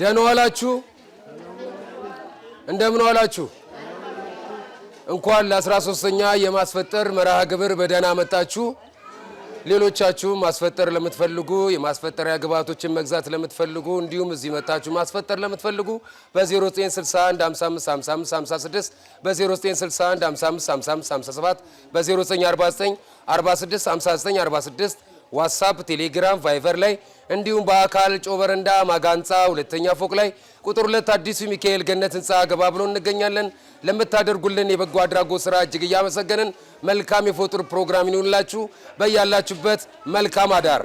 ደህና ዋላችሁ፣ እንደምን ዋላችሁ። እንኳን ለ13ኛ የማስፈጠር መርሃ ግብር በደህና መጣችሁ። ሌሎቻችሁ ማስፈጠር ለምትፈልጉ የማስፈጠሪያ ግብዓቶችን መግዛት ለምትፈልጉ እንዲሁም እዚህ መታችሁ ማስፈጠር ለምትፈልጉ በ0961 በ0961 በ0949 ዋትሳፕ፣ ቴሌግራም፣ ቫይቨር ላይ እንዲሁም በአካል ጮ በረንዳ ማጋንፃ ሁለተኛ ፎቅ ላይ ቁጥር ሁለት አዲሱ ሚካኤል ገነት ህንፃ ገባ ብሎ እንገኛለን። ለምታደርጉልን የበጎ አድራጎት ስራ እጅግ እያመሰገንን መልካም የፎጡር ፕሮግራም ይኑላችሁ። በያላችሁበት መልካም አዳር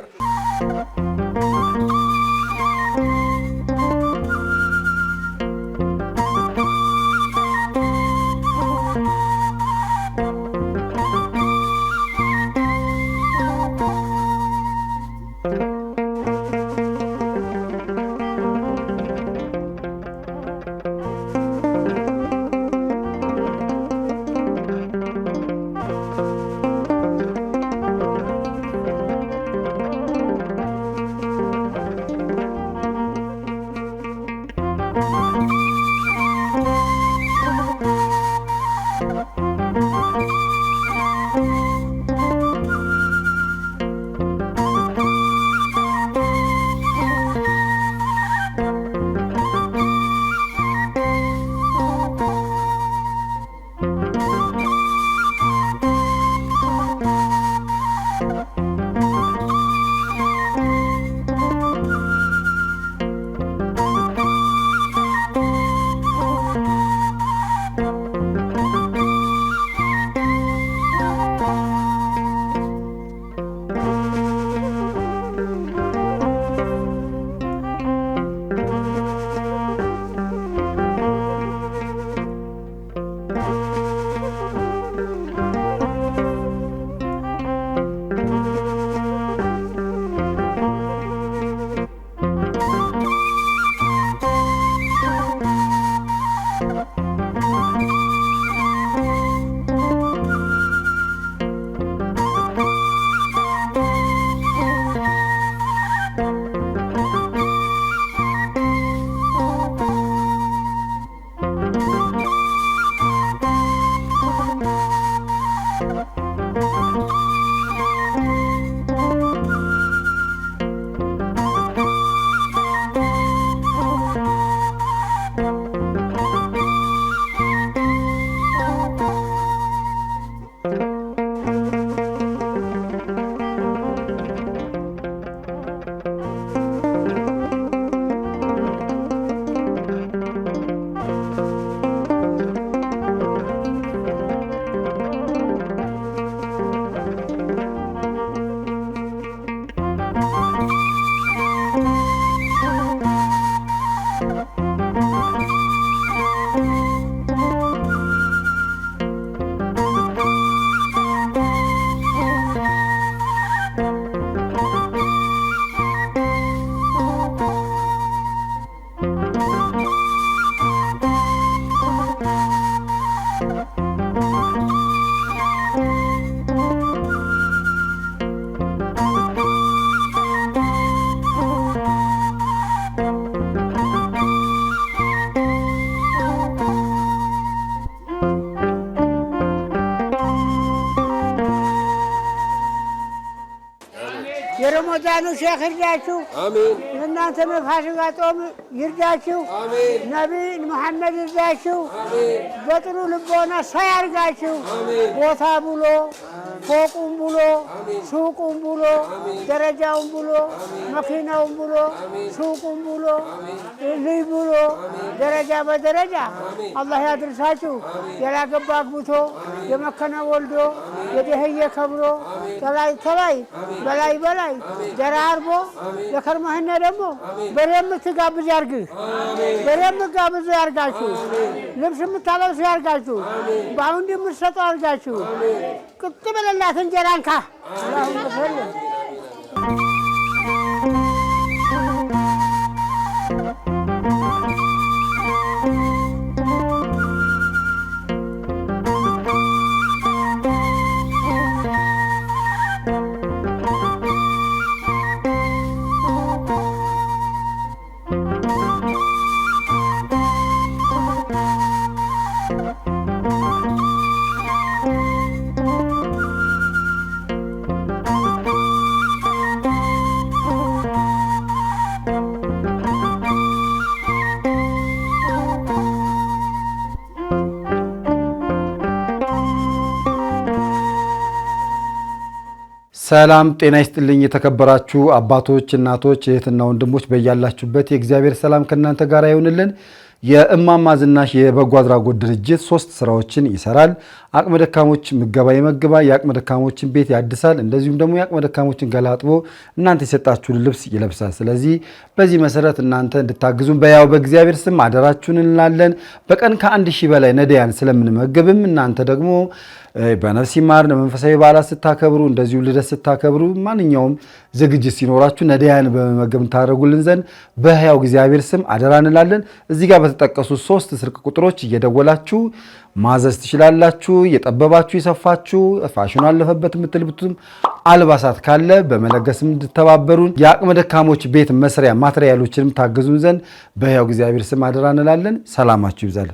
ሱልጣኑ ሼክ ይርዳችሁ። አሜን። እናንተ መፋሽጋ ጦም ይርዳችሁ። አሜን። ነቢን መሐመድ ይርዳችሁ። አሜን። በጥሩ ልቦና ሳያርጋችሁ ቦታ ብሎ Fok un bulu, suk un bulu, derece un bulu, makine un bulu, suk un bulu, illi bulu, ደረጃ በደረጃ አላህ ያድርሳችሁ። ያላገባ አግብቶ የመከነ ወልዶ የደህየ ከብሮ ተላይ ተላይ በላይ በላይ ደራ አርቦ ለከርመህነ ደግሞ በሬም ትጋብዝ ያርግህ። በሬም ጋብዝ ያርጋችሁ። ልብስ የምታለብስ ያርጋችሁ። በአሁንድ የምትሰጠው ያርጋችሁ። ቅጥ በለ Alhamdulillah sunjaran kah. Ah. Allahumma sholli. ሰላም ጤና ይስጥልኝ። የተከበራችሁ አባቶች፣ እናቶች፣ እህትና ወንድሞች በያላችሁበት የእግዚአብሔር ሰላም ከእናንተ ጋር ይሆንልን። የእማማ ዝናሽ የበጎ አድራጎት ድርጅት ሶስት ስራዎችን ይሰራል። አቅመ ደካሞች ምገባ ይመግባ፣ የአቅመ ደካሞችን ቤት ያድሳል፣ እንደዚሁም ደግሞ የአቅመ ደካሞችን ገላጥቦ እናንተ የሰጣችሁን ልብስ ይለብሳል። ስለዚህ በዚህ መሰረት እናንተ እንድታግዙን በያው በእግዚአብሔር ስም አደራችሁን እንላለን። በቀን ከአንድ ሺህ በላይ ነዳያን ስለምንመገብም እናንተ ደግሞ በነፍስ ይማር መንፈሳዊ በዓላት ስታከብሩ፣ እንደዚሁ ልደት ስታከብሩ፣ ማንኛውም ዝግጅት ሲኖራችሁ ነዳያን በመመገብ ታደረጉልን ዘንድ በህያው እግዚአብሔር ስም አደራ እንላለን። እዚህ ጋር በተጠቀሱ ሶስት ስልክ ቁጥሮች እየደወላችሁ ማዘዝ ትችላላችሁ። እየጠበባችሁ የሰፋችሁ ፋሽኑ አለፈበት የምትልብቱም አልባሳት ካለ በመለገስ እንድተባበሩን የአቅመ ደካሞች ቤት መስሪያ ማትሪያሎችንም ታግዙን ዘንድ በሕያው እግዚአብሔር ስም አደራ እንላለን። ሰላማችሁ ይብዛለን።